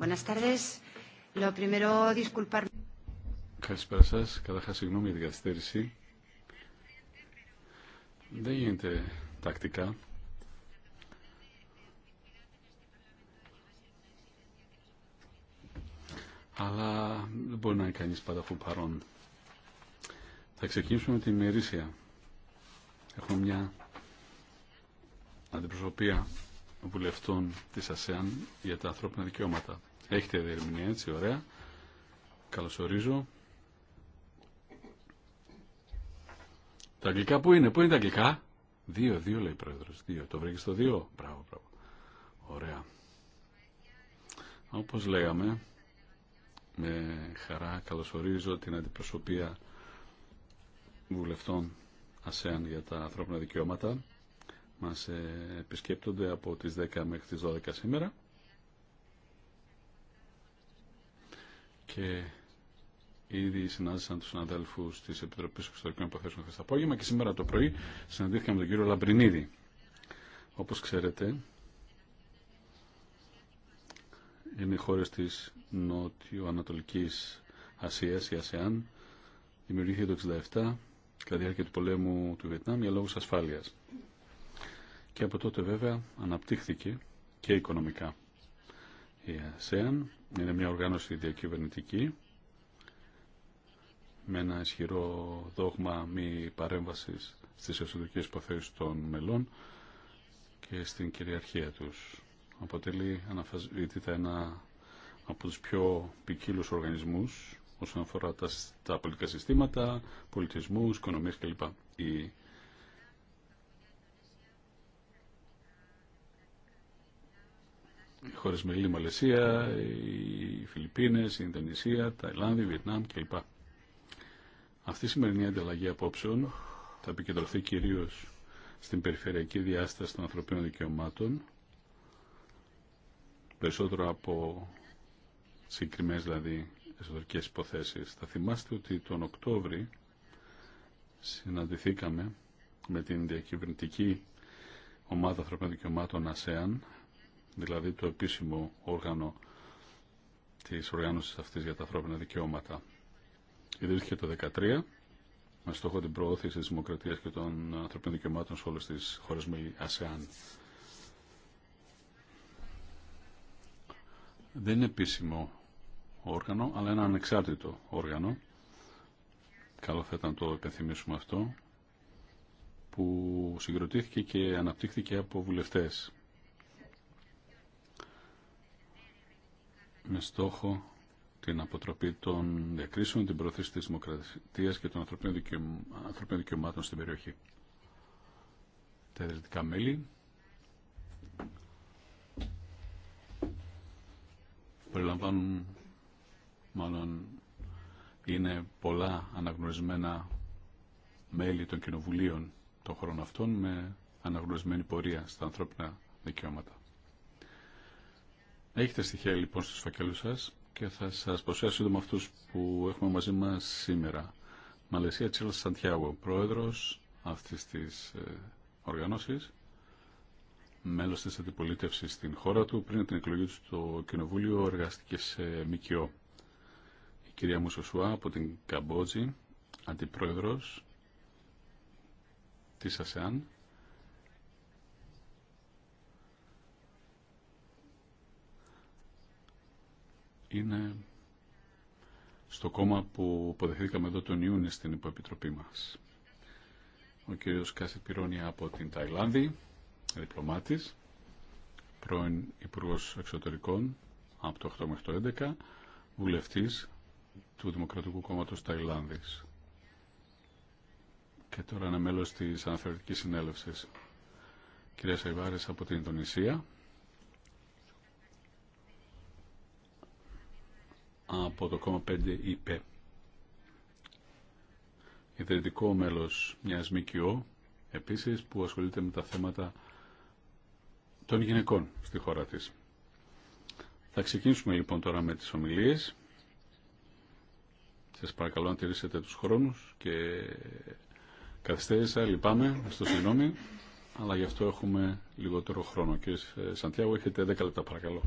Buenas tardes. Lo primero, Καλησπέρα σας. Καταρχάς, συγγνώμη για την καθυστέρηση. Δεν γίνεται τακτικά. Αλλά δεν μπορεί να είναι κανείς πάντα που παρόν. Θα ξεκινήσουμε με την ημερήσια. Έχουμε μια αντιπροσωπεία βουλευτών της ΑΣΕΑΝ για τα ανθρώπινα δικαιώματα. Έχετε διερμηνία έτσι, ωραία. Καλωσορίζω. Τα αγγλικά πού είναι, πού είναι τα αγγλικά. Δύο, δύο λέει πρόεδρος. Δύο. Το βρήκε στο δύο. Μπράβο, μπράβο. Ωραία. Όπως λέγαμε, με χαρά καλωσορίζω την αντιπροσωπεία βουλευτών ΑΣΕΑΝ για τα ανθρώπινα δικαιώματα. Μας ε, επισκέπτονται από τις 10 μέχρι τις 12 σήμερα. και ήδη συνάντησαν του συναδέλφου τη Επιτροπή Εξωτερικών Υποθέσεων χθε το απόγευμα και σήμερα το πρωί συναντήθηκα με τον κύριο Λαμπρινίδη. Όπω ξέρετε, είναι οι χώρε τη Νότιο-Ανατολική Ασία, η ΑΣΕΑΝ, δημιουργήθηκε το 1967 κατά διάρκεια του πολέμου του Βιετνάμ για λόγου ασφάλεια. Και από τότε βέβαια αναπτύχθηκε και οικονομικά. Η ΑΣΕΑΝ είναι μια οργάνωση διακυβερνητική με ένα ισχυρό δόγμα μη παρέμβασης στις εσωτερικές υποθέσεις των μελών και στην κυριαρχία τους. Αποτελεί αναφασβήτητα ένα από τους πιο ποικίλου οργανισμούς όσον αφορά τα, τα πολιτικά συστήματα, πολιτισμούς, οικονομίες κλπ. οι χώρε Μελή, Μαλαισία, οι Φιλιππίνες, η Ινδονησία, Ταϊλάνδη, Βιετνάμ κλπ. Αυτή η σημερινή ανταλλαγή απόψεων θα επικεντρωθεί κυρίω στην περιφερειακή διάσταση των ανθρωπίνων δικαιωμάτων, περισσότερο από συγκεκριμένε δηλαδή εσωτερικές υποθέσεις. Θα θυμάστε ότι τον Οκτώβρη συναντηθήκαμε με την διακυβερνητική ομάδα ανθρωπίνων δικαιωμάτων ΑΣΕΑΝ δηλαδή το επίσημο όργανο της οργάνωσης αυτής για τα ανθρώπινα δικαιώματα. Ιδρύθηκε το 2013 με στόχο την προώθηση της δημοκρατίας και των ανθρωπίνων δικαιωμάτων σε όλες τις χώρες με ΑΣΕΑΝ. Δεν είναι επίσημο όργανο, αλλά ένα ανεξάρτητο όργανο. Καλό θα ήταν το επενθυμίσουμε αυτό, που συγκροτήθηκε και αναπτύχθηκε από βουλευτές με στόχο την αποτροπή των διακρίσεων, την προωθήση της δημοκρατίας και των ανθρωπίνων δικαιωμάτων στην περιοχή. Τα ιδρυτικά μέλη περιλαμβάνουν μάλλον είναι πολλά αναγνωρισμένα μέλη των κοινοβουλίων των χωρών αυτών με αναγνωρισμένη πορεία στα ανθρώπινα δικαιώματα. Έχετε στοιχεία λοιπόν στους φακέλους σας και θα σας προσφέρω σύντομα αυτούς που έχουμε μαζί μας σήμερα. Μαλαισία Τσίλα Σαντιάγο, πρόεδρος αυτής της ε, οργανώσης, μέλος της αντιπολίτευσης στην χώρα του. Πριν την εκλογή του στο Κοινοβούλιο εργάστηκε σε ΜΚΟ. Η κυρία Μουσοσουά από την Καμπότζη, αντιπρόεδρος της ΑΣΕΑΝ είναι στο κόμμα που αποδεχθήκαμε εδώ τον Ιούνιο στην υποεπιτροπή μας. Ο κύριος Κάση Πυρώνια από την Ταϊλάνδη, διπλωμάτης, πρώην υπουργό Εξωτερικών από το 8 μέχρι το 11, βουλευτής του Δημοκρατικού Κόμματος Ταϊλάνδης και τώρα είναι μέλος της Αναθεωρητική Συνέλευσης. Κυρία Σαϊβάρης από την Ινδονησία, από το κόμμα 5 είπε. Ιδρυτικό μέλος μιας ΜΚΟ, επίσης, που ασχολείται με τα θέματα των γυναικών στη χώρα της. Θα ξεκινήσουμε λοιπόν τώρα με τις ομιλίες. Σας παρακαλώ να τηρήσετε τους χρόνους και καθυστέρησα, λυπάμαι, στο συγγνώμη, αλλά γι' αυτό έχουμε λιγότερο χρόνο. Κύριε Σαντιάγο, έχετε 10 λεπτά παρακαλώ.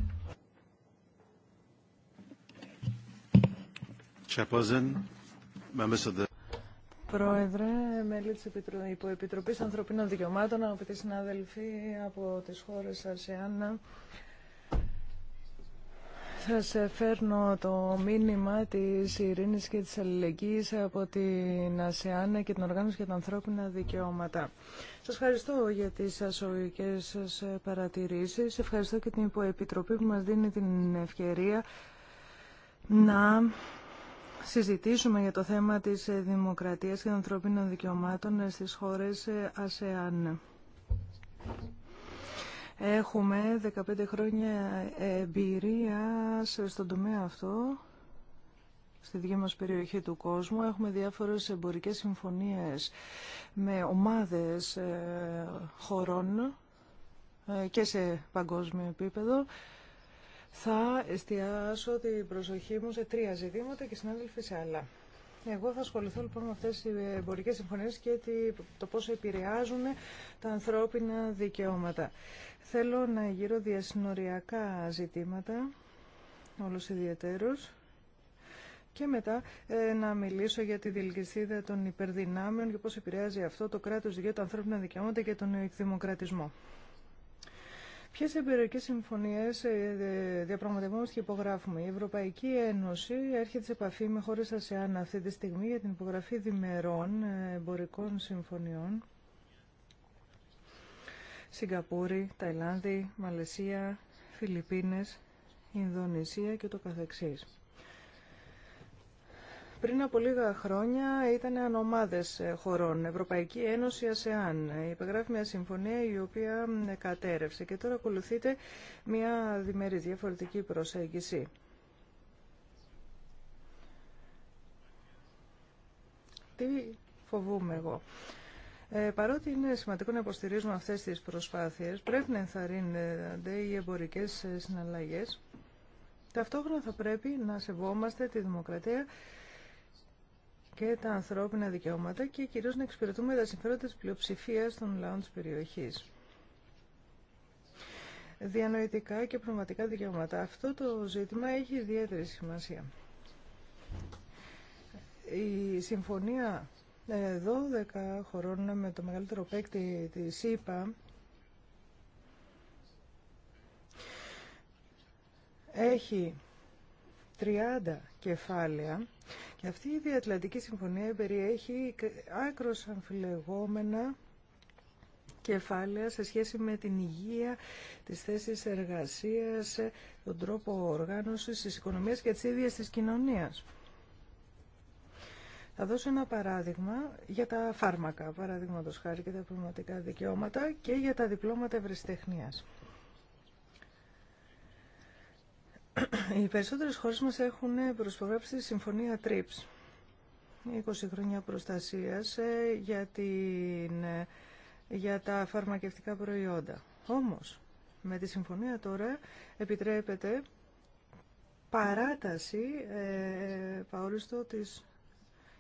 Πρόεδρε, μέλη της Υποεπιτροπής Ανθρωπίνων Δικαιωμάτων, αγαπητοί συνάδελφοι από τις χώρες θα σα φέρνω το μήνυμα της ειρήνης και της αλληλεγγύης από την ΑΣΕΑΝ και την Οργάνωση για τα Ανθρώπινα Δικαιώματα. Σας ευχαριστώ για τις ασοικές σας παρατηρήσεις. Ευχαριστώ και την Υποεπιτροπή που μας δίνει την ευκαιρία να συζητήσουμε για το θέμα της ε, δημοκρατίας και των ανθρωπίνων δικαιωμάτων ε, στις χώρες ε, ΑΣΕΑΝ. Έχουμε 15 χρόνια εμπειρία στον τομέα αυτό, στη δική μας περιοχή του κόσμου. Έχουμε διάφορες εμπορικές συμφωνίες με ομάδες χωρών και σε παγκόσμιο επίπεδο. Θα εστιάσω την προσοχή μου σε τρία ζητήματα και συνάδελφοι σε άλλα. Εγώ θα ασχοληθώ λοιπόν με αυτέ τι εμπορικές συμφωνίε και το πώς επηρεάζουν τα ανθρώπινα δικαιώματα. Θέλω να γύρω διασυνοριακά ζητήματα, όλο ιδιαίτερω. και μετά ε, να μιλήσω για τη διελκυστίδα των υπερδυνάμεων και πώς επηρεάζει αυτό το κράτος για τα ανθρώπινα δικαιώματα και τον εκδημοκρατισμό. Ποιε εμπειρικέ συμφωνίε ε, ε, διαπραγματευόμαστε και υπογράφουμε. Η Ευρωπαϊκή Ένωση έρχεται σε επαφή με χώρε ΑΣΕΑΝ αυτή τη στιγμή για την υπογραφή διμερών ε, εμπορικών συμφωνιών. Σιγκαπούρη, Ταϊλάνδη, Μαλαισία, Φιλιππίνες, Ινδονησία και το καθεξής. Πριν από λίγα χρόνια ήταν ανομάδες χωρών, Ευρωπαϊκή Ένωση ΑΣΕΑΝ. Υπεγράφει μια συμφωνία η οποία κατέρευσε και τώρα ακολουθείται μια διμερή διαφορετική προσέγγιση. Τι φοβούμαι εγώ. Ε, παρότι είναι σημαντικό να υποστηρίζουμε αυτές τις προσπάθειες, πρέπει να ενθαρρύνονται οι εμπορικές συναλλαγές. Ταυτόχρονα θα πρέπει να σεβόμαστε τη δημοκρατία και τα ανθρώπινα δικαιώματα και κυρίως να εξυπηρετούμε τα συμφέροντα της πλειοψηφίας των λαών της περιοχής. Διανοητικά και πνευματικά δικαιώματα. Αυτό το ζήτημα έχει ιδιαίτερη σημασία. Η συμφωνία 12 ε, χωρών με το μεγαλύτερο παίκτη της ΕΠΑ έχει 30 κεφάλαια και αυτή η Διατλαντική Συμφωνία περιέχει άκρος αμφιλεγόμενα κεφάλαια σε σχέση με την υγεία, τις θέσεις εργασίας, τον τρόπο οργάνωσης της οικονομίας και τις ίδιες της κοινωνίας. Θα δώσω ένα παράδειγμα για τα φάρμακα, παραδείγματος χάρη και τα πνευματικά δικαιώματα και για τα διπλώματα ευρεσιτεχνίας. Οι περισσότερες χώρες μας έχουν προσπογράψει τη Συμφωνία TRIPS. 20 χρόνια προστασίας ε, για, ε, για τα φαρμακευτικά προϊόντα. Όμως, με τη συμφωνία τώρα επιτρέπεται παράταση ε, παόριστο της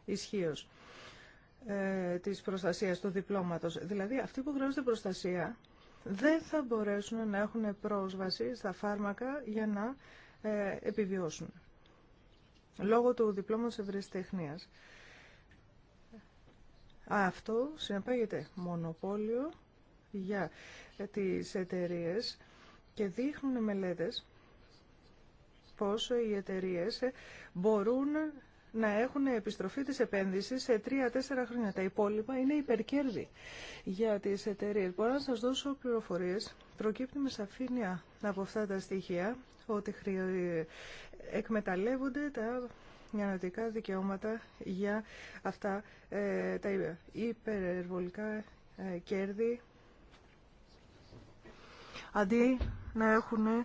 ισχύως ε, της προστασίας του διπλώματος. Δηλαδή, αυτοί που χρειάζονται προστασία δεν θα μπορέσουν να έχουν πρόσβαση στα φάρμακα για να ε, επιβιώσουν. Λόγω του διπλώματος ευρεσιτεχνίας. Αυτό συνεπάγεται μονοπόλιο για τις εταιρείε και δείχνουν μελέτες πόσο οι εταιρείε μπορούν να έχουν επιστροφή της επένδυσης σε 3-4 χρόνια. Τα υπόλοιπα είναι υπερκέρδη για τις εταιρείε. Μπορώ να σας δώσω πληροφορίες. Προκύπτει με σαφήνεια από αυτά τα στοιχεία ότι εκμεταλλεύονται τα μιανωτικά δικαιώματα για αυτά ε, τα υπερβολικά ε, κέρδη αντί να έχουν ε,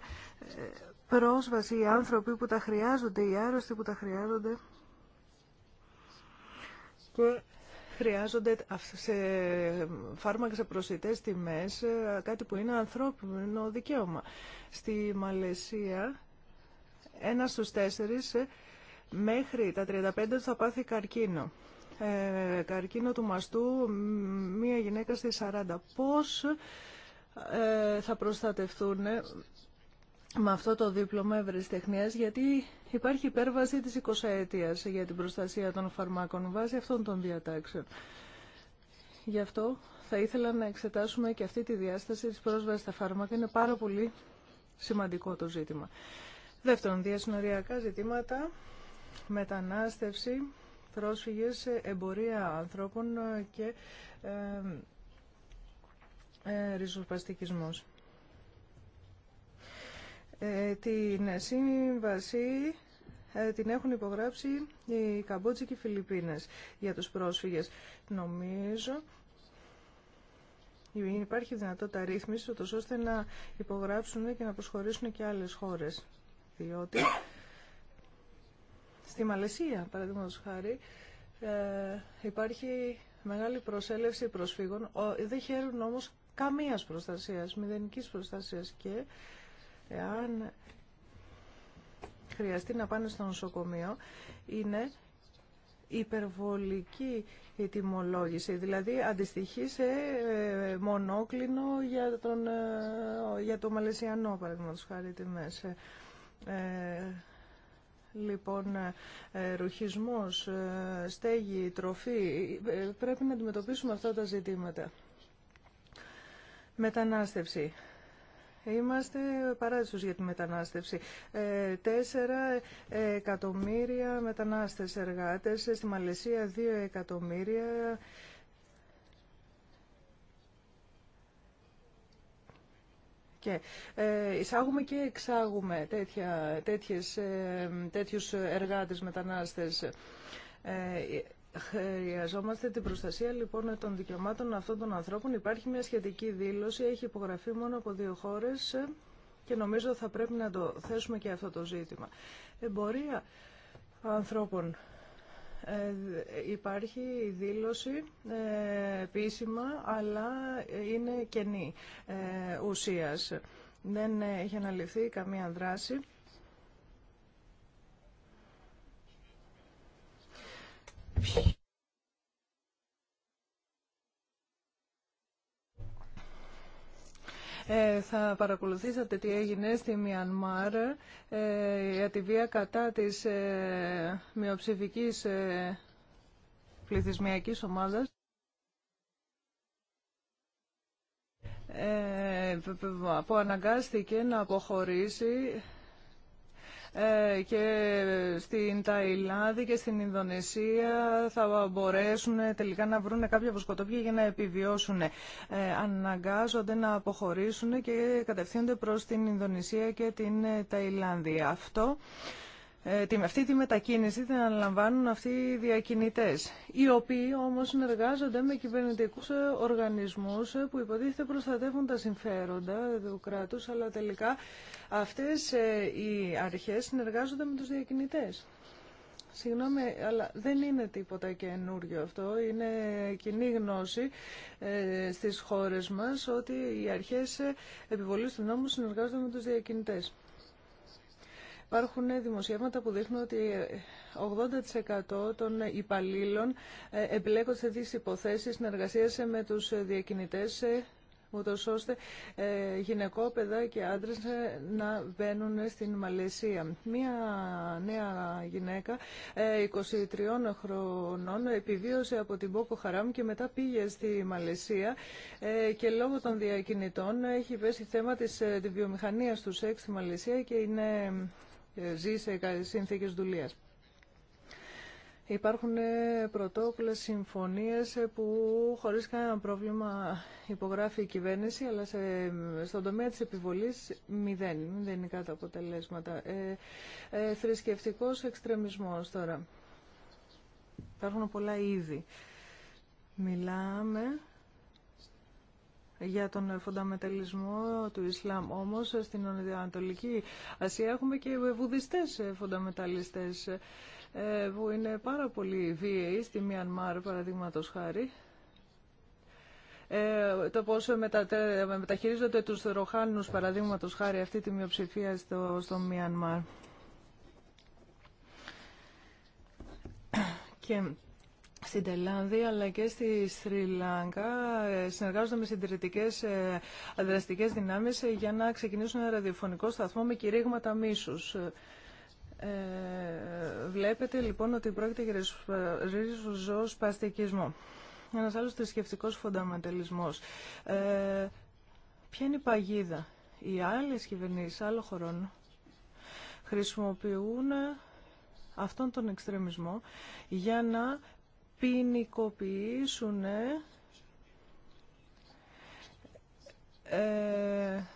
πρόσβαση οι άνθρωποι που τα χρειάζονται, οι άρρωστοι που τα χρειάζονται χρειάζονται σε φάρμακα σε προσιτές τιμές, ε, κάτι που είναι ανθρώπινο δικαίωμα. Στη Μαλαισία, ένα στους τέσσερις ε, μέχρι τα 35 θα πάθει καρκίνο. Ε, καρκίνο του μαστού, μία γυναίκα στις 40. Πώς ε, θα προστατευτούν με αυτό το δίπλωμα ευρεσιτεχνία γιατί υπάρχει υπέρβαση της 20 για την προστασία των φαρμάκων βάσει αυτών των διατάξεων. Γι' αυτό θα ήθελα να εξετάσουμε και αυτή τη διάσταση της πρόσβασης στα φάρμακα. Είναι πάρα πολύ σημαντικό το ζήτημα. Δεύτερον, διασυνοριακά ζητήματα, μετανάστευση, πρόσφυγες, εμπορία ανθρώπων και ε, ε, ε, την σύμβαση ε, την έχουν υπογράψει οι Καμπότζοι και οι Φιλιππίνες για τους πρόσφυγες. Νομίζω υπάρχει δυνατότητα ρύθμιση ώστε να υπογράψουν και να προσχωρήσουν και άλλες χώρες. Διότι στη Μαλαισία, παραδείγματος χάρη, ε, υπάρχει μεγάλη προσέλευση προσφύγων, δεν χαίρουν όμως καμίας προστασίας, μηδενικής προστασίας και εάν χρειαστεί να πάνε στο νοσοκομείο, είναι υπερβολική η τιμολόγηση, δηλαδή αντιστοιχεί σε ε, μονόκλινο για, τον, ε, για το Μαλαισιανό, παραδείγματος χάρη τιμές. Ε, λοιπόν, ε, ρουχισμός, στέγη, τροφή, πρέπει να αντιμετωπίσουμε αυτά τα ζητήματα. Μετανάστευση. Είμαστε παράδεισος για τη μετανάστευση. Ε, τέσσερα εκατομμύρια μετανάστες εργάτες, στη Μαλαισία δύο εκατομμύρια. Και ε, εισάγουμε και εξάγουμε τέτοια, τέτοιες, ε, τέτοιους εργάτες μετανάστες. Ε, Χρειαζόμαστε την προστασία λοιπόν των δικαιωμάτων αυτών των ανθρώπων. Υπάρχει μια σχετική δήλωση, έχει υπογραφεί μόνο από δύο χώρες και νομίζω θα πρέπει να το θέσουμε και αυτό το ζήτημα. Εμπορία ανθρώπων. Ε, υπάρχει δήλωση ε, επίσημα, αλλά είναι κενή ε, ουσίας. Δεν έχει αναλυθεί καμία δράση. Ε, θα παρακολουθήσατε τι έγινε στη Μιανμάρ ε, για τη βία κατά της ε, μειοψηφικής ε, πληθυσμιακής ομάδας. που αναγκάστηκε να αποχωρήσει ε, και στην Ταϊλάνδη και στην Ινδονησία θα μπορέσουν τελικά να βρουν κάποια βοσκοτόπια για να επιβιώσουν. Ε, αναγκάζονται να αποχωρήσουν και κατευθύνονται προς την Ινδονησία και την Ταϊλάνδη. Αυτό ε, αυτή τη μετακίνηση την αναλαμβάνουν αυτοί οι διακινητές, οι οποίοι όμως συνεργάζονται με κυβερνητικούς ε, οργανισμούς ε, που υποτίθεται προστατεύουν τα συμφέροντα του κράτους, αλλά τελικά αυτές οι αρχές συνεργάζονται με τους διακινητές. Συγγνώμη, αλλά δεν είναι τίποτα καινούριο αυτό. Είναι κοινή γνώση στις χώρες μας ότι οι αρχές επιβολής του νόμου συνεργάζονται με τους διακινητές. Υπάρχουν δημοσιεύματα που δείχνουν ότι 80% των υπαλλήλων ε, εμπλέκονται σε δύο υποθέσεις συνεργασίας με τους διακινητές ε, ούτως ώστε ε, γυναικόπαιδα και άντρες να μπαίνουν στην Μαλαισία. Μία νέα γυναίκα 23 χρονών επιβίωσε από την Πόκο Χαράμ και μετά πήγε στη Μαλαισία και λόγω των διακινητών έχει πέσει θέμα της βιομηχανίας του σεξ στη Μαλαισία και είναι ζει σε συνθήκες δουλείας. Υπάρχουν ε, πρωτόκολλε συμφωνίες ε, που χωρίς κανένα πρόβλημα υπογράφει η κυβέρνηση, αλλά σε, στον τομέα της επιβολής μηδέν, είναι τα αποτελέσματα. Ε, ε, θρησκευτικός εξτρεμισμός τώρα. Υπάρχουν πολλά είδη. Μιλάμε για τον φονταμεταλισμό του Ισλάμ. Όμως στην Ανατολική Ασία έχουμε και βουδιστές φονταμεταλιστές ε, που είναι πάρα πολύ βίαιοι στη Μιανμάρ παραδείγματο χάρη ε, το πώς μεταχειρίζονται τους Ροχάνους παραδείγματος χάρη αυτή τη μειοψηφία στο, στο Μιανμάρ. Και στην Τελάνδη αλλά και στη Σρι Λάγκα ε, συνεργάζονται με συντηρητικέ αντιδραστικέ ε, δυνάμει ε, για να ξεκινήσουν ένα ραδιοφωνικό σταθμό με κηρύγματα μίσου. Ε, βλέπετε λοιπόν ότι πρόκειται για παστικισμό. Ένας άλλος θρησκευτικό φονταμαντελισμός. Ε, ποια είναι η παγίδα. Οι άλλες κυβερνήσεις άλλο χωρών χρησιμοποιούν αυτόν τον εξτρεμισμό για να ποινικοποιήσουν ε,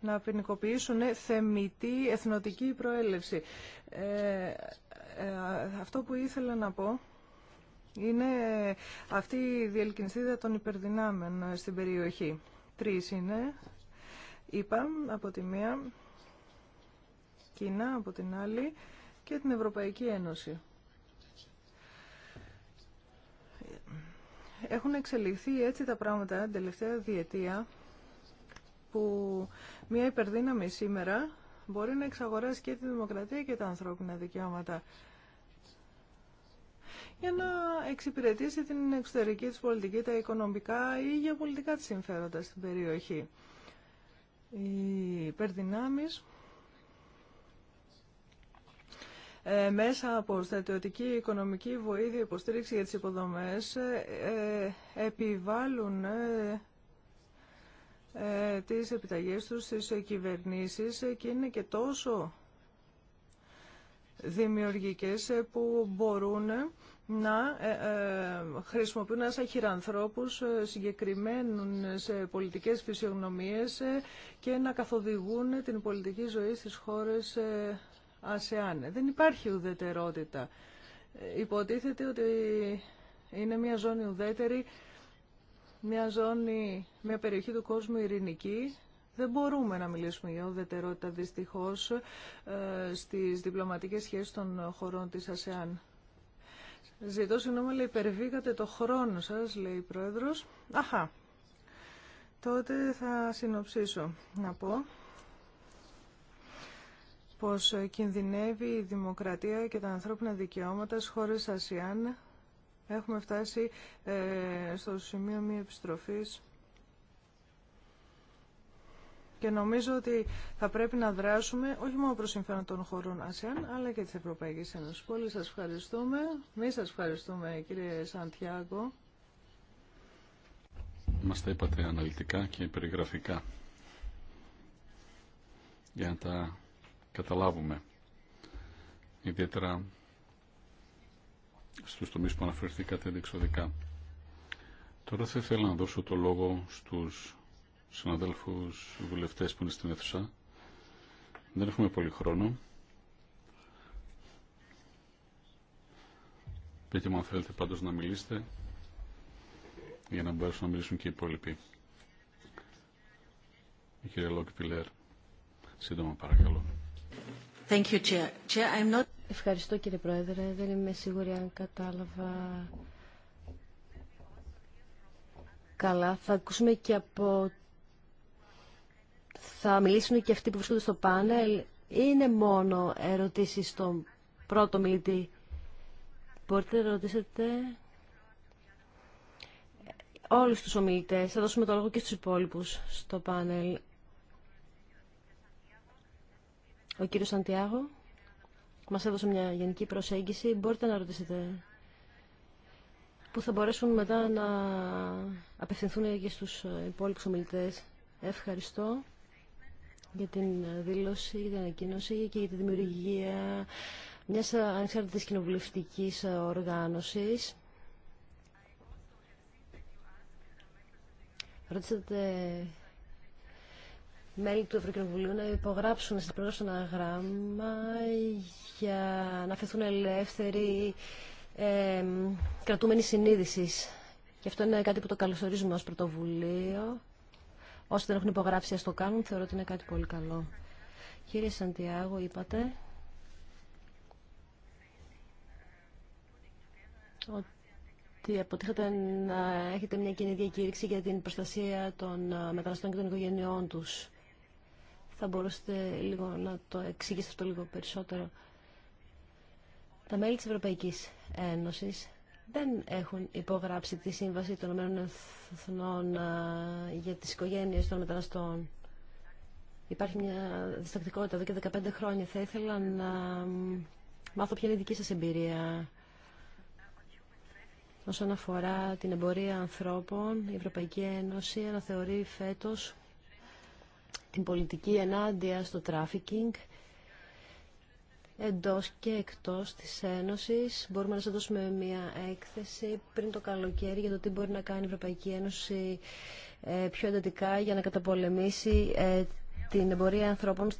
να ποινικοποιήσουν θεμητή εθνοτική προέλευση. Ε, ε, αυτό που ήθελα να πω είναι αυτή η διελκυνσίδα των υπερδυνάμεων στην περιοχή. Τρεις είναι, είπα από τη μία, Κίνα από την άλλη και την Ευρωπαϊκή Ένωση. έχουν εξελιχθεί έτσι τα πράγματα την τελευταία διετία που μια υπερδύναμη σήμερα μπορεί να εξαγοράσει και τη δημοκρατία και τα ανθρώπινα δικαιώματα για να εξυπηρετήσει την εξωτερική της πολιτική, τα οικονομικά ή γεωπολιτικά της συμφέροντα στην περιοχή. Οι υπερδυνάμεις Ε, μέσα από στρατιωτική οικονομική βοήθεια υποστήριξη για τις υποδομές ε, ε, επιβάλλουν τις επιταγές τους στις κυβερνήσεις και είναι και τόσο δημιουργικές που μπορούν να χρησιμοποιούν σαν χειρανθρώπους σε πολιτικές φυσιογνωμίες και να καθοδηγούν την πολιτική ζωή στις χώρες ΑΣΕΑΝ. Δεν υπάρχει ουδετερότητα. Υποτίθεται ότι είναι μια ζώνη ουδέτερη, μια ζώνη, μια περιοχή του κόσμου ειρηνική. Δεν μπορούμε να μιλήσουμε για ουδετερότητα δυστυχώς ε, στις διπλωματικές σχέσεις των χωρών της ΑΣΕΑΝ. Ζητώ συγγνώμη, αλλά υπερβήκατε το χρόνο σας, λέει η Πρόεδρος. Αχα, τότε θα συνοψίσω να πω πως κινδυνεύει η δημοκρατία και τα ανθρώπινα δικαιώματα στις χώρες Ασιαν. Έχουμε φτάσει ε, στο σημείο μη επιστροφής και νομίζω ότι θα πρέπει να δράσουμε όχι μόνο προς συμφέρον των χωρών Ασιαν αλλά και της Ευρωπαϊκής Ένωσης. Πολύ σας ευχαριστούμε. Μη σας ευχαριστούμε κύριε Σαντιάγκο. Μας τα είπατε αναλυτικά και περιγραφικά για τα καταλάβουμε. Ιδιαίτερα στους τομείς που αναφερθήκατε διεξοδικά. Τώρα θα ήθελα να δώσω το λόγο στους συναδέλφους βουλευτές που είναι στην αίθουσα. Δεν έχουμε πολύ χρόνο. Πείτε μου αν θέλετε πάντως να μιλήσετε για να μπορέσουν να μιλήσουν και οι υπόλοιποι. Η κυρία Λόκη Πιλέρ, σύντομα παρακαλώ. Ευχαριστώ κύριε Πρόεδρε. Δεν είμαι σίγουρη αν κατάλαβα καλά. Θα ακούσουμε και από... Θα μιλήσουν και αυτοί που βρίσκονται στο πάνελ. Είναι μόνο ερωτήσεις στον πρώτο μιλητή. Μπορείτε να ρωτήσετε όλους τους ομιλητές. Θα δώσουμε το λόγο και στους υπόλοιπους στο πάνελ. Ο κύριος Σαντιάγο μας έδωσε μια γενική προσέγγιση. Μπορείτε να ρωτήσετε που θα μπορέσουν μετά να απευθυνθούν και στους υπόλοιπους ομιλητές. Ευχαριστώ για την δήλωση, για την ανακοίνωση και για τη δημιουργία μιας ανεξάρτητης κοινοβουλευτικής οργάνωσης. Ρωτήσατε μέλη του Ευρωκοινοβουλίου να υπογράψουν στην πρόσφαση ένα γράμμα για να αφαιθούν ελεύθεροι ε, κρατούμενοι συνείδηση. Και αυτό είναι κάτι που το καλωσορίζουμε ως πρωτοβουλίο. Όσοι δεν έχουν υπογράψει ας το κάνουν, θεωρώ ότι είναι κάτι πολύ καλό. Κύριε Σαντιάγο, είπατε ότι αποτύχατε να έχετε μια κοινή διακήρυξη για την προστασία των μεταναστών και των οικογενειών τους. Θα μπορούσατε λίγο να το εξηγήσετε αυτό λίγο περισσότερο. Τα μέλη της Ευρωπαϊκής Ένωσης δεν έχουν υπογράψει τη Σύμβαση των Ηνωμένων Εθνών ε, για τις οικογένειες των μεταναστών. Υπάρχει μια διστακτικότητα εδώ και 15 χρόνια. Θα ήθελα να μάθω ποια είναι η δική σας εμπειρία όσον αφορά την εμπορία ανθρώπων. Η Ευρωπαϊκή Ένωση αναθεωρεί φέτος την πολιτική ενάντια στο τράφικινγκ εντός και εκτός της Ένωσης. Μπορούμε να σας δώσουμε μια έκθεση πριν το καλοκαίρι για το τι μπορεί να κάνει η Ευρωπαϊκή Ένωση ε, πιο εντατικά για να καταπολεμήσει ε, την εμπορία ανθρώπων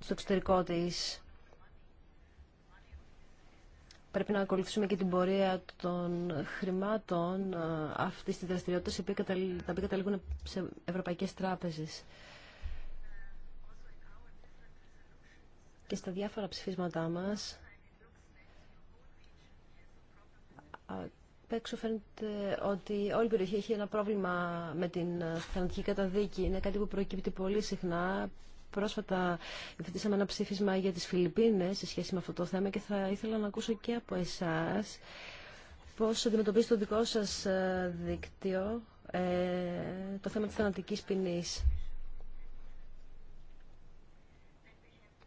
στο εξωτερικό της. Πρέπει να ακολουθήσουμε και την πορεία των χρημάτων ε, αυτής της δραστηριότητας, τα οποία καταλήγουν σε ευρωπαϊκές τράπεζες. και στα διάφορα ψηφίσματά μας απ' έξω φαίνεται ότι όλη η περιοχή έχει ένα πρόβλημα με την θανατική ε, καταδίκη. Είναι κάτι που προκύπτει πολύ συχνά. Πρόσφατα υφετήσαμε ένα ψήφισμα για τις Φιλιππίνες σε σχέση με αυτό το θέμα και θα ήθελα να ακούσω και από εσάς πώς αντιμετωπίζει το δικό σας ε, δίκτυο ε, το θέμα της θανατικής ποινής.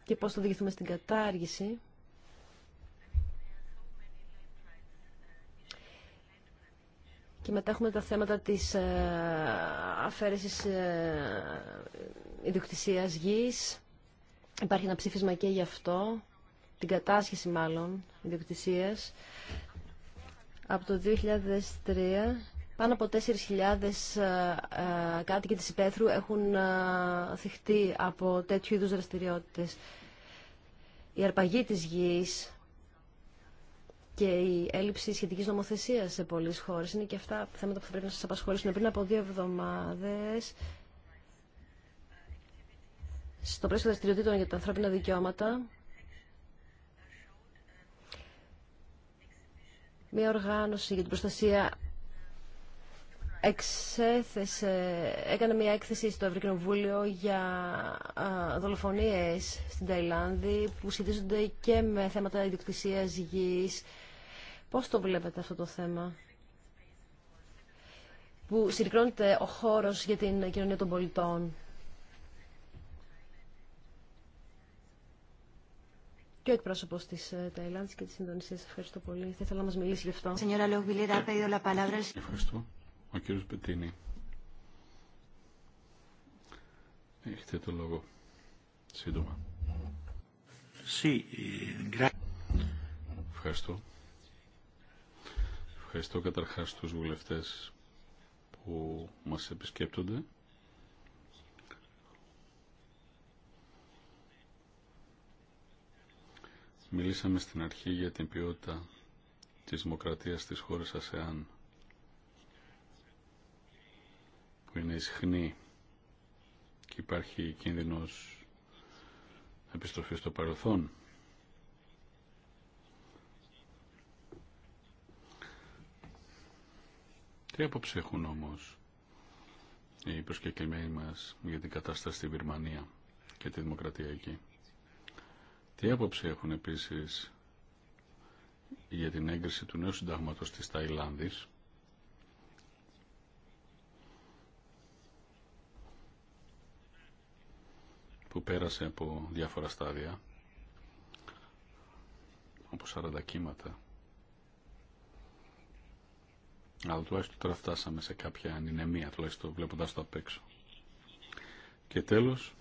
και πώς θα οδηγηθούμε στην κατάργηση. Και μετά έχουμε τα θέματα της ε, αφαίρεσης ε, ιδιοκτησίας γης. Υπάρχει ένα ψήφισμα και γι' αυτό, την κατάσχεση μάλλον ιδιοκτησίας. Από το 2003 πάνω από 4.000 ε, ε, κάτοικοι της υπαίθρου έχουν ε, θυχτεί από τέτοιου είδους δραστηριότητες. Η αρπαγή της γης και η έλλειψη σχετικής νομοθεσίας σε πολλές χώρες είναι και αυτά θέματα που θα πρέπει να σας απασχολήσουν. Πριν από δύο εβδομάδες, στο πλαίσιο δραστηριοτήτων για τα ανθρώπινα δικαιώματα, μια οργάνωση για την προστασία εξέθεσε, έκανε μια έκθεση στο Ευρωκοινοβούλιο για α, δολοφονίες στην Ταϊλάνδη που σχετίζονται και με θέματα ιδιοκτησία γης. Πώς το βλέπετε αυτό το θέμα που συρρυκνώνεται ο χώρος για την κοινωνία των πολιτών. και ο εκπρόσωπο τη ε, Ταϊλάνδη και τη Ινδονησία. Ευχαριστώ πολύ. Θα ήθελα να μα μιλήσει γι' αυτό. Ευχαριστώ. Ο κύριος Πετίνη. Έχετε το λόγο. Σύντομα. Ευχαριστώ. Ευχαριστώ καταρχάς τους βουλευτές που μας επισκέπτονται. Μιλήσαμε στην αρχή για την ποιότητα της δημοκρατίας της χώρας ΑΣΕΑΝ. που είναι ισχνή και υπάρχει κίνδυνος επιστροφή στο παρελθόν. Τι άποψη έχουν όμως οι προσκεκλημένοι μας για την κατάσταση στη Βυρμανία και τη δημοκρατία εκεί. Τι άποψη έχουν επίσης για την έγκριση του νέου συντάγματος της Ταϊλάνδης που πέρασε από διάφορα στάδια, από 40 κύματα. Αλλά τουλάχιστον τώρα φτάσαμε σε κάποια ανηνεμία, τουλάχιστον βλέποντας το απ' έξω. Και τέλος,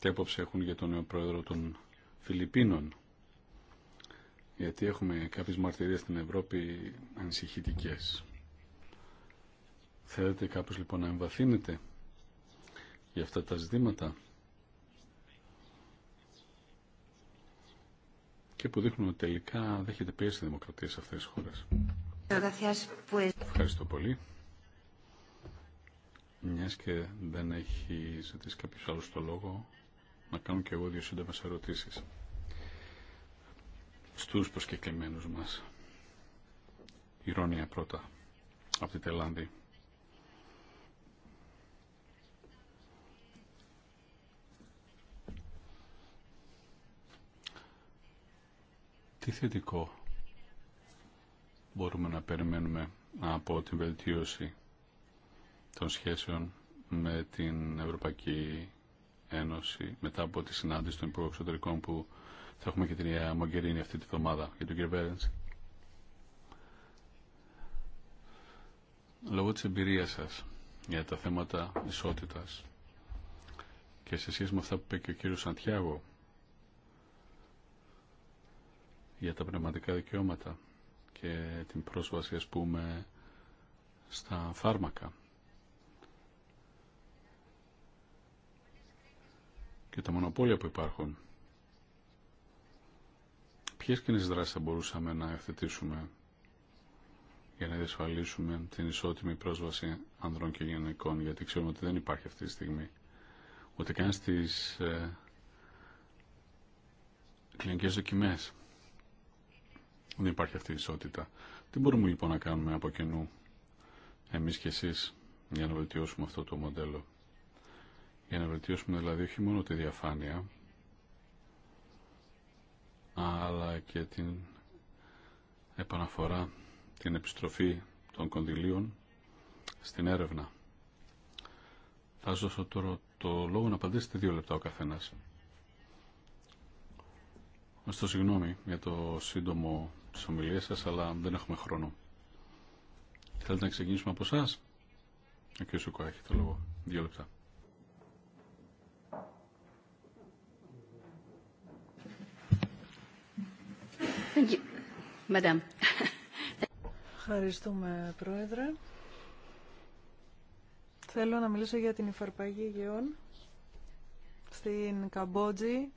τι έποψη έχουν για τον νέο πρόεδρο των Φιλιππίνων. Γιατί έχουμε κάποιες μαρτυρίες στην Ευρώπη ανησυχητικές. Θέλετε κάποιος λοιπόν να εμβαθύνετε για αυτά τα ζητήματα και που δείχνουν ότι τελικά δέχεται πίεση τη δημοκρατία σε αυτές τις χώρες. Ευχαριστώ πολύ. Μια και δεν έχει ζητήσει κάποιο άλλο το λόγο, να κάνω και εγώ δύο σύντομες ερωτήσει στους προσκεκλημένους μας. Ηρώνια πρώτα, από την Τελάνδη. τι θετικό μπορούμε να περιμένουμε από την βελτίωση των σχέσεων με την Ευρωπαϊκή Ένωση μετά από τη συνάντηση των Υπουργών Εξωτερικών που θα έχουμε και την Ιαία Μογκερίνη αυτή τη βδομάδα για τον κύριο Μπέρενς. Λόγω της εμπειρίας σας για τα θέματα ισότητας και σε σχέση με αυτά που είπε και ο κύριος Σαντιάγο για τα πνευματικά δικαιώματα και την πρόσβαση ας πούμε στα φάρμακα. και τα μονοπόλια που υπάρχουν. Ποιες κοινέ δράσεις θα μπορούσαμε να ευθετήσουμε για να διασφαλίσουμε την ισότιμη πρόσβαση ανδρών και γυναικών, γιατί ξέρουμε ότι δεν υπάρχει αυτή τη στιγμή. Ούτε καν στις ε, κλινικές δοκιμές δεν υπάρχει αυτή η ισότητα. Τι μπορούμε λοιπόν να κάνουμε από κοινού εμείς και εσείς για να βελτιώσουμε αυτό το μοντέλο. Για να βελτιώσουμε δηλαδή όχι μόνο τη διαφάνεια αλλά και την επαναφορά, την επιστροφή των κονδυλίων στην έρευνα. Θα σας δώσω τώρα το λόγο να απαντήσετε δύο λεπτά ο καθένας. Στο συγγνώμη για το σύντομο τις ομιλίες σας, αλλά δεν έχουμε χρόνο. Θέλετε να ξεκινήσουμε από εσά. Ο κ. Σουκώ έχει το λόγο. Δύο λεπτά. Ευχαριστούμε, Πρόεδρε. Θέλω να μιλήσω για την υφαρπαγή γεών στην Καμπότζη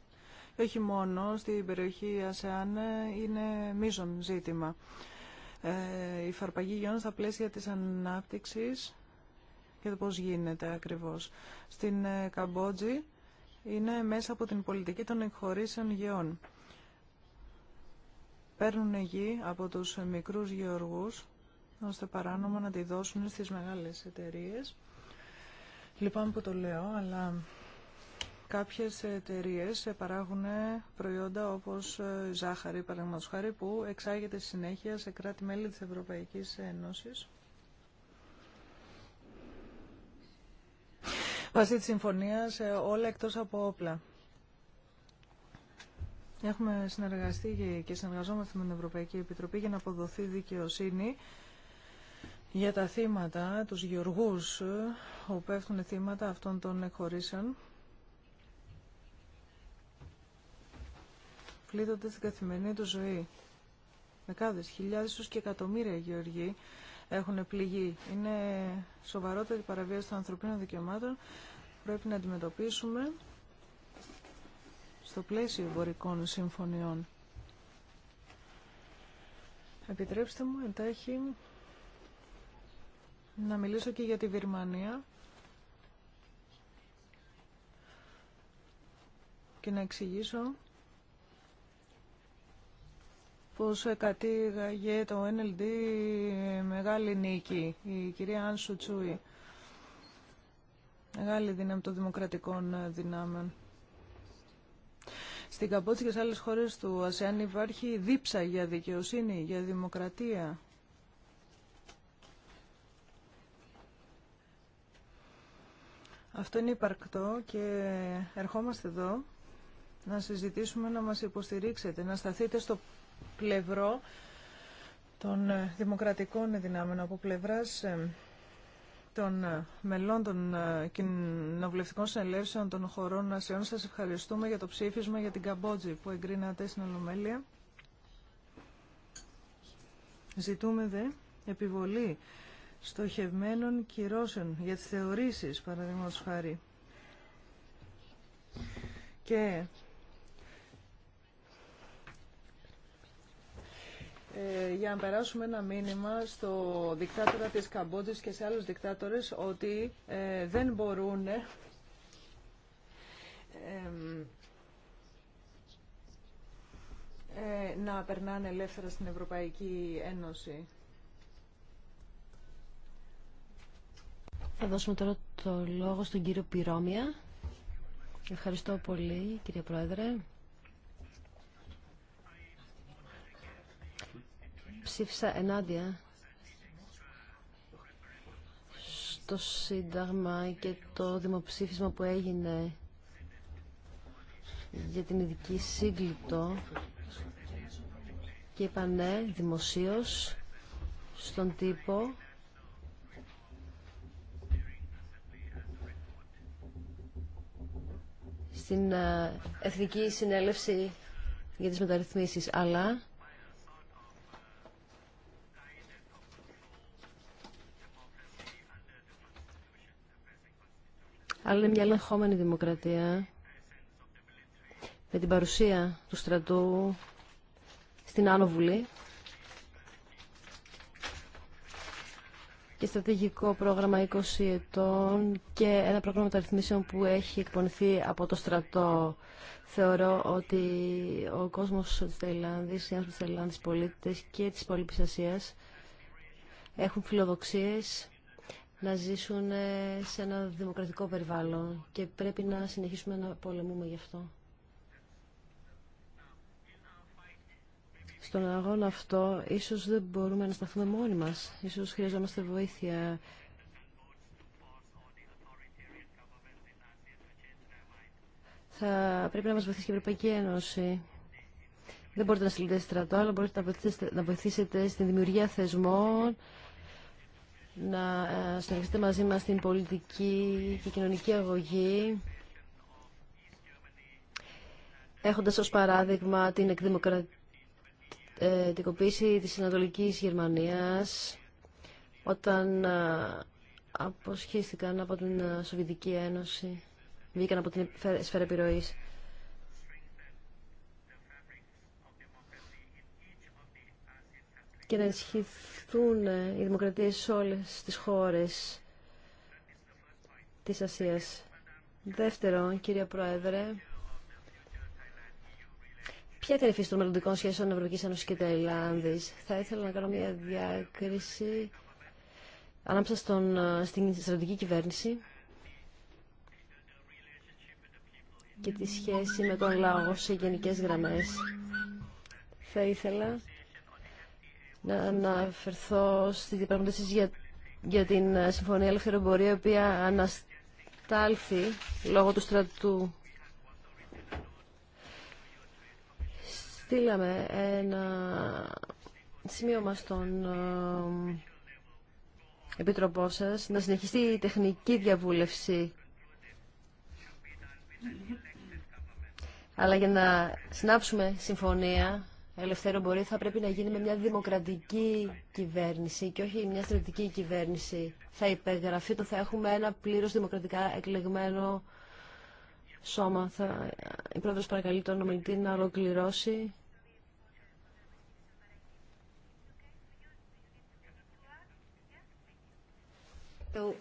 όχι μόνο στην περιοχή ΑΣΕΑΝ είναι μείζον ζήτημα. Ε, η φαρπαγή γιών στα πλαίσια της ανάπτυξης και το πώς γίνεται ακριβώς. Στην ε, Καμπότζη είναι μέσα από την πολιτική των εκχωρήσεων γεών. Παίρνουν γη από τους μικρούς γεωργούς, ώστε παράνομα να τη δώσουν στις μεγάλες εταιρείες. Λυπάμαι που το λέω, αλλά Κάποιες εταιρείε παράγουν προϊόντα όπως ε, ζάχαρη, παραδείγματος χάρη, που εξάγεται συνέχεια σε κράτη-μέλη της Ευρωπαϊκής Ένωσης. Βάσει τη συμφωνία ε, όλα εκτός από όπλα. Έχουμε συνεργαστεί και συνεργαζόμαστε με την Ευρωπαϊκή Επιτροπή για να αποδοθεί δικαιοσύνη για τα θύματα, τους γεωργούς ε, που πέφτουν θύματα αυτών των εκχωρήσεων. πλήττονται στην καθημερινή του ζωή. Δεκάδες, χιλιάδες, ίσως και εκατομμύρια γεωργοί έχουν πληγεί. Είναι σοβαρότερη παραβίαση των ανθρωπίνων δικαιωμάτων. Πρέπει να αντιμετωπίσουμε στο πλαίσιο εμπορικών συμφωνιών. Επιτρέψτε μου εντάχει να μιλήσω και για τη Βυρμανία και να εξηγήσω πως κατήγαγε το NLD μεγάλη νίκη, η κυρία Άνσου Μεγάλη δύναμη των δημοκρατικών δυνάμεων. Στην Καμπότση και σε άλλες χώρες του ΑΣΕΑΝ υπάρχει δίψα για δικαιοσύνη, για δημοκρατία. Αυτό είναι υπαρκτό και ερχόμαστε εδώ να συζητήσουμε, να μας υποστηρίξετε, να σταθείτε στο πλευρό των ε, δημοκρατικών δυνάμεων, από πλευράς ε, των ε, μελών των κοινοβουλευτικών συνελεύσεων των χωρών Ασιών. Σας ευχαριστούμε για το ψήφισμα για την Καμπότζη που εγκρίνατε στην Ολομέλεια. Ζητούμε δε επιβολή στοχευμένων κυρώσεων για τις θεωρήσεις, παραδείγματος χάρη. Και Ε, για να περάσουμε ένα μήνυμα στο δικτάτορα της Καμπότης και σε άλλους δικτάτορες ότι ε, δεν μπορούν ε, να περνάνε ελεύθερα στην Ευρωπαϊκή Ένωση. Θα δώσουμε τώρα το λόγο στον κύριο Πυρόμια. Ευχαριστώ πολύ, κύριε Πρόεδρε. ψήφισα ενάντια στο Σύνταγμα και το δημοψήφισμα που έγινε για την ειδική σύγκλιτο και είπα ναι δημοσίως στον τύπο στην ε, Εθνική Συνέλευση για τις Μεταρρυθμίσεις αλλά αλλά είναι μια ελεγχόμενη δημοκρατία με την παρουσία του στρατού στην Άνω Βουλή και στρατηγικό πρόγραμμα 20 ετών και ένα πρόγραμμα μεταρρυθμίσεων που έχει εκπονηθεί από το στρατό. Θεωρώ ότι ο κόσμος της Ταϊλάνδης, οι άνθρωποι της Ταϊλάνδης πολίτες και της υπόλοιπης Ασίας έχουν φιλοδοξίες να ζήσουν ε, σε ένα δημοκρατικό περιβάλλον και πρέπει να συνεχίσουμε να πολεμούμε γι' αυτό. Στον αγώνα αυτό ίσως δεν μπορούμε να σταθούμε μόνοι μας. Ίσως χρειαζόμαστε βοήθεια. Θα πρέπει να μας βοηθήσει και η Ευρωπαϊκή Ένωση. Δεν μπορείτε να στείλετε στρατό, αλλά μπορείτε να βοηθήσετε, να βοηθήσετε στην δημιουργία θεσμών, να ε, συνεχίσετε μαζί μας στην πολιτική και κοινωνική αγωγή έχοντας ως παράδειγμα την εκδημοκρατικοποίηση της Ανατολική Γερμανίας όταν ε, αποσχίστηκαν από την ε, Σοβιετική Ένωση, βγήκαν από την σφαίρα επιρροής. και να ενισχυθούν οι δημοκρατίες σε όλες τις χώρες της Ασίας. Δεύτερον, κύριε Πρόεδρε, ποια είναι η φύση των μελλοντικών σχέσεων Ευρωπαϊκής Ένωσης και Ταϊλάνδης. Θα ήθελα να κάνω μια διάκριση ανάμεσα στον, στην στρατηγική κυβέρνηση και τη σχέση με τον λαό σε γενικές γραμμές. Θα ήθελα να αναφερθώ στη διαπραγματεύσεις για, για την ε, Συμφωνία Ελευθεροπορία, η οποία αναστάλθη λόγω του στρατού. Στείλαμε ένα σημείο σημείωμα στον ε, Επίτροπό σας να συνεχιστεί η τεχνική διαβούλευση αλλά για να συνάψουμε συμφωνία ελευθέρω μπορεί θα πρέπει να γίνει με μια δημοκρατική κυβέρνηση και όχι μια στρατική κυβέρνηση. Θα υπεγραφεί το θα έχουμε ένα πλήρως δημοκρατικά εκλεγμένο σώμα. Θα... Η πρόεδρος παρακαλεί τον ομιλητή να ολοκληρώσει. το.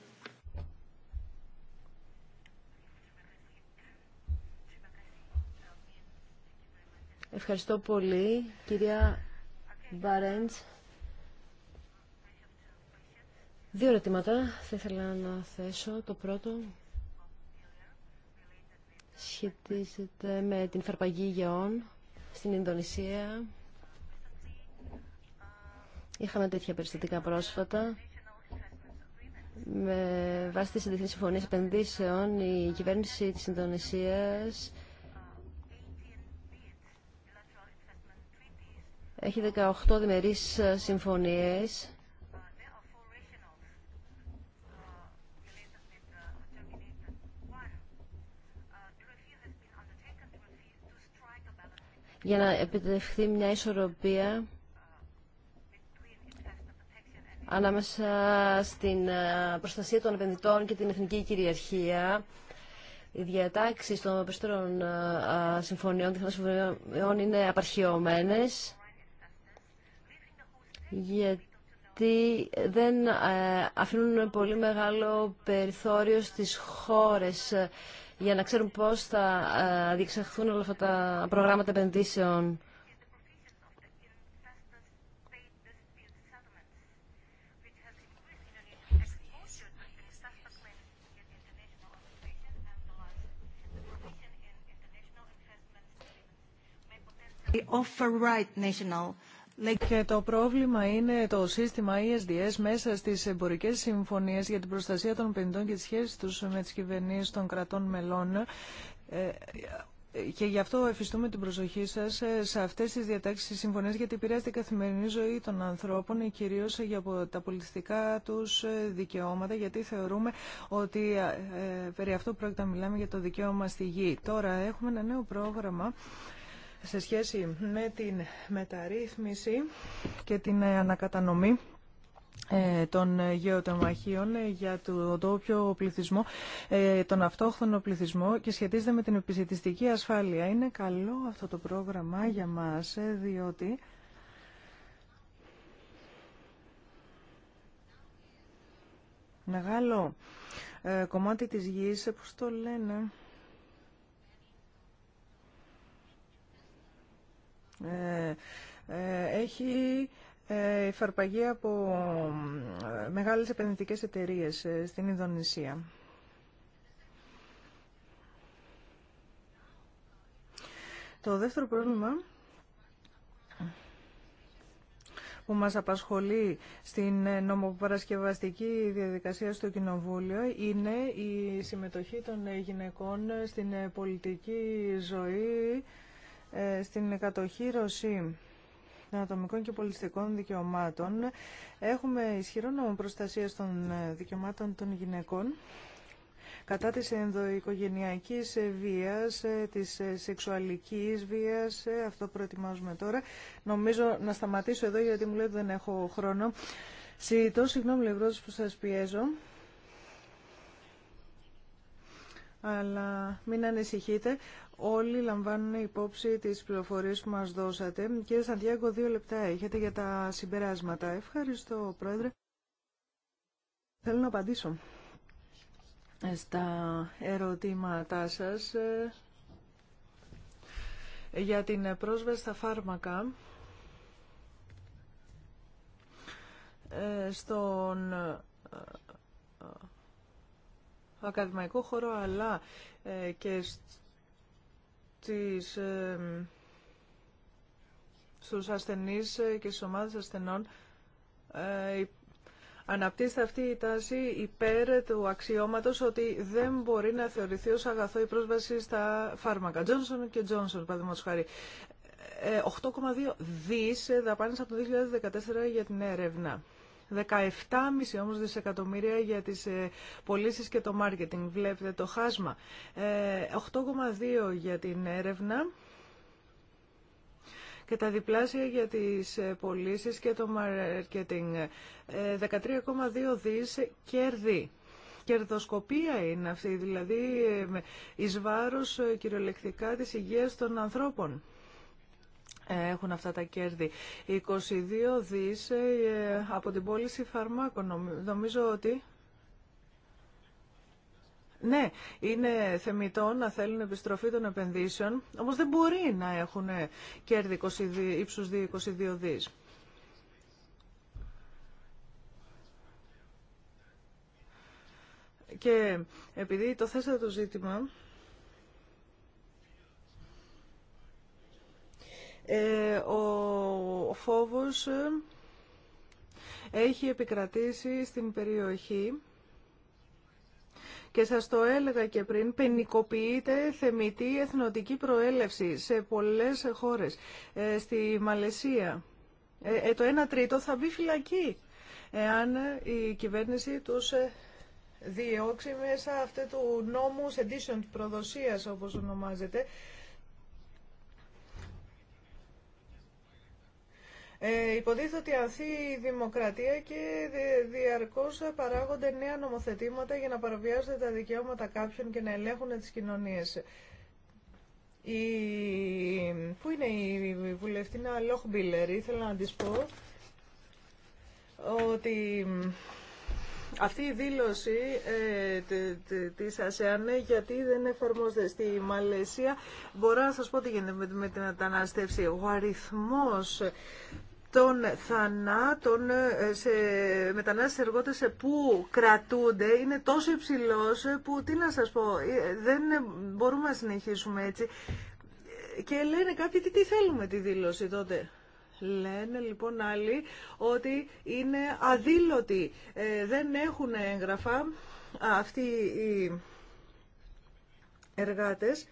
Ευχαριστώ πολύ, κυρία Μπαρέντς. Δύο ερωτήματα θα ήθελα να θέσω. Το πρώτο σχετίζεται με την φαρπαγή γεών στην Ινδονησία. Είχαμε τέτοια περιστατικά πρόσφατα. Με βάση τη διεθνείς Συμφωνία Επενδύσεων, η κυβέρνηση της Ινδονησίας Έχει 18 διμερείς ε, συμφωνίες. για να επιτευχθεί μια ισορροπία ανάμεσα στην ε, προστασία των επενδυτών και την εθνική κυριαρχία. Οι διατάξει των περισσότερων ε, συμφωνιών, συμφωνιών είναι απαρχιωμένες γιατί δεν ε, αφήνουν πολύ μεγάλο περιθώριο στις χώρες ε, για να ξέρουν πώς θα ε, διεξαχθούν όλα αυτά τα προγράμματα επενδύσεων. right national ναι, και το πρόβλημα είναι το σύστημα ESDS μέσα στις εμπορικές συμφωνίες για την προστασία των παιδιών και τις σχέσεις τους με τις κυβερνήσει των κρατών μελών. Ε, και γι' αυτό εφιστούμε την προσοχή σα σε αυτέ τι διατάξει συμφωνίε, γιατί επηρεάζει την καθημερινή ζωή των ανθρώπων κυρίω για τα πολιτιστικά του δικαιώματα γιατί θεωρούμε ότι ε, ε, περί αυτού πρόκειται να μιλάμε για το δικαίωμα στη γη. Τώρα έχουμε ένα νέο πρόγραμμα σε σχέση με την μεταρρύθμιση και την ε, ανακατανομή ε, των γεωτεμαχίων ε, για τον τόπιο πληθυσμό, τον αυτόχθονο πληθυσμό και σχετίζεται με την επιζητιστική ασφάλεια. Είναι καλό αυτό το πρόγραμμα για μας, διότι... Μεγάλο κομμάτι της γης, πώς το λένε, Ε, ε, έχει η ε, φαρπαγή από μεγάλες επενδυτικές εταιρείες στην Ινδονησία. Το δεύτερο πρόβλημα που μας απασχολεί στην νομοπαρασκευαστική διαδικασία στο Κοινοβούλιο είναι η συμμετοχή των γυναικών στην πολιτική ζωή ε, στην κατοχήρωση των ατομικών και πολιτιστικών δικαιωμάτων έχουμε ισχυρό νόμο προστασίας των ε, δικαιωμάτων των γυναικών κατά της ενδοοικογενειακής βίας, ε, της σεξουαλικής βίας, αυτό προετοιμάζουμε τώρα. Νομίζω να σταματήσω εδώ γιατί μου λέει ότι δεν έχω χρόνο. συγγνώμη λευρός που σας πιέζω. αλλά μην ανησυχείτε, όλοι λαμβάνουν υπόψη τις πληροφορίες που μας δώσατε. Κύριε Σαντιάγκο, δύο λεπτά έχετε για τα συμπεράσματα. Ευχαριστώ, Πρόεδρε. Θέλω να απαντήσω στα ερωτήματά σας ε, για την πρόσβαση στα φάρμακα. Ε, στον ε, ακαδημαϊκό χώρο αλλά ε, και στις, ε, στους ασθενείς ε, και στις ομάδες ασθενών Αναπτύσσεται αυτή η τάση υπέρ του αξιώματος ότι δεν μπορεί να θεωρηθεί ως αγαθό η πρόσβαση στα φάρμακα. Johnson και Τζόνσον, παραδείγματος χάρη. 8,2 δις δαπάνης από το 2014 για την έρευνα. 17,5 δισεκατομμύρια για τις ε, πωλήσει και το μάρκετινγκ. Βλέπετε το χάσμα. 8,2 ε, για την έρευνα και τα διπλάσια για τις ε, πωλήσει και το μάρκετινγκ. 13,2 δις κέρδη. Κερδοσκοπία είναι αυτή, δηλαδή εις βάρος κυριολεκτικά της υγείας των ανθρώπων έχουν αυτά τα κέρδη. 22 δις ε, από την πώληση φαρμάκων. Νομίζω ότι... Ναι, είναι θεμητό να θέλουν επιστροφή των επενδύσεων, όμως δεν μπορεί να έχουν κέρδη 22, ύψους 22 δις. Και επειδή το θέσατε το ζήτημα, Ε, ο φόβος ε, έχει επικρατήσει στην περιοχή και σας το έλεγα και πριν, πενικοποιείται θεμητή εθνοτική προέλευση σε πολλές χώρες. Ε, στη Μαλαισία, ε, το 1 τρίτο θα μπει φυλακή εάν η κυβέρνηση τους διώξει μέσα αυτού του νόμου sedition προδοσίας όπως ονομάζεται Ε, υποτίθεται ότι αυτή η δημοκρατία και διαρκώς παράγονται νέα νομοθετήματα για να παραβιάζονται τα δικαιώματα κάποιων και να ελέγχουν τις κοινωνίες. Η... Πού είναι η βουλευτήνα Λόχμπιλερ, ήθελα να της πω ότι αυτή η δήλωση ε, της ΑΣΕΑΝ ναι, γιατί δεν εφαρμόζεται στη Μαλαισία μπορώ να σας πω τι γίνεται με, την μετανάστευση. Ο αριθμός των θανάτων ε, σε μετανάστες εργότες που κρατούνται είναι τόσο υψηλός ε, που τι να σας πω, ε, δεν μπορούμε να συνεχίσουμε έτσι. Και λένε κάποιοι τι, θέλουμε τη δήλωση τότε. Λένε λοιπόν άλλοι ότι είναι αδήλωτοι, δεν έχουν έγγραφα αυτοί οι εργάτες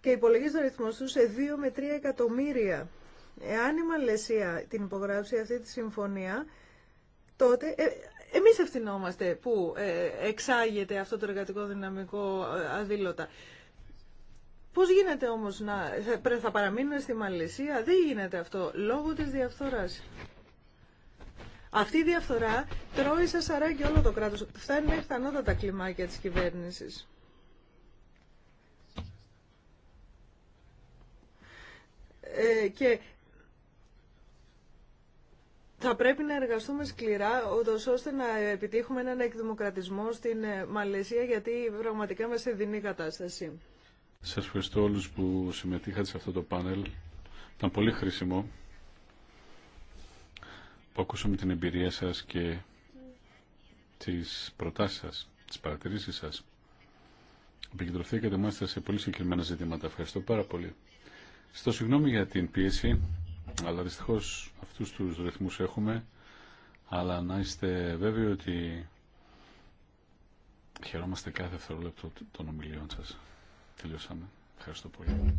και υπολογίζει ο τους σε 2 με 3 εκατομμύρια. Εάν η Μαλαισία την υπογράψει αυτή τη συμφωνία, τότε ε, εμείς ευθυνόμαστε που ε, εξάγεται αυτό το εργατικό δυναμικό ε, αδήλωτα. Πώς γίνεται όμως να θα παραμείνουν στη Μαλαισία, δεν γίνεται αυτό, λόγω της διαφθοράς. Αυτή η διαφθορά τρώει σαν και όλο το κράτος, φτάνει μέχρι τα ανώτατα κλιμάκια της κυβέρνησης. και θα πρέπει να εργαστούμε σκληρά, ώστε να επιτύχουμε έναν εκδημοκρατισμό στην ε, Μαλαισία, γιατί πραγματικά είμαστε σε δινή κατάσταση. Σας ευχαριστώ όλους που συμμετείχατε σε αυτό το πάνελ. Ήταν πολύ χρήσιμο που ακούσαμε την εμπειρία σας και τις προτάσεις σας, τις παρατηρήσεις σας. Επικεντρωθήκατε μάλιστα σε πολύ συγκεκριμένα ζητήματα. Ευχαριστώ πάρα πολύ. Στο συγγνώμη για την πίεση, αλλά δυστυχώ αυτούς του ρυθμού έχουμε. Αλλά να είστε βέβαιοι ότι χαιρόμαστε κάθε ευθερόλεπτο των ομιλίων σα. Τελειώσαμε. Ευχαριστώ πολύ.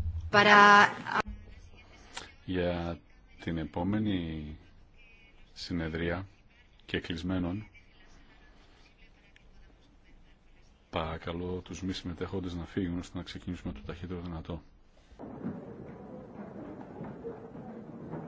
Για την επόμενη συνεδρία και κλεισμένων παρακαλώ τους μη συμμετέχοντες να φύγουν ώστε να ξεκινήσουμε το ταχύτερο δυνατό.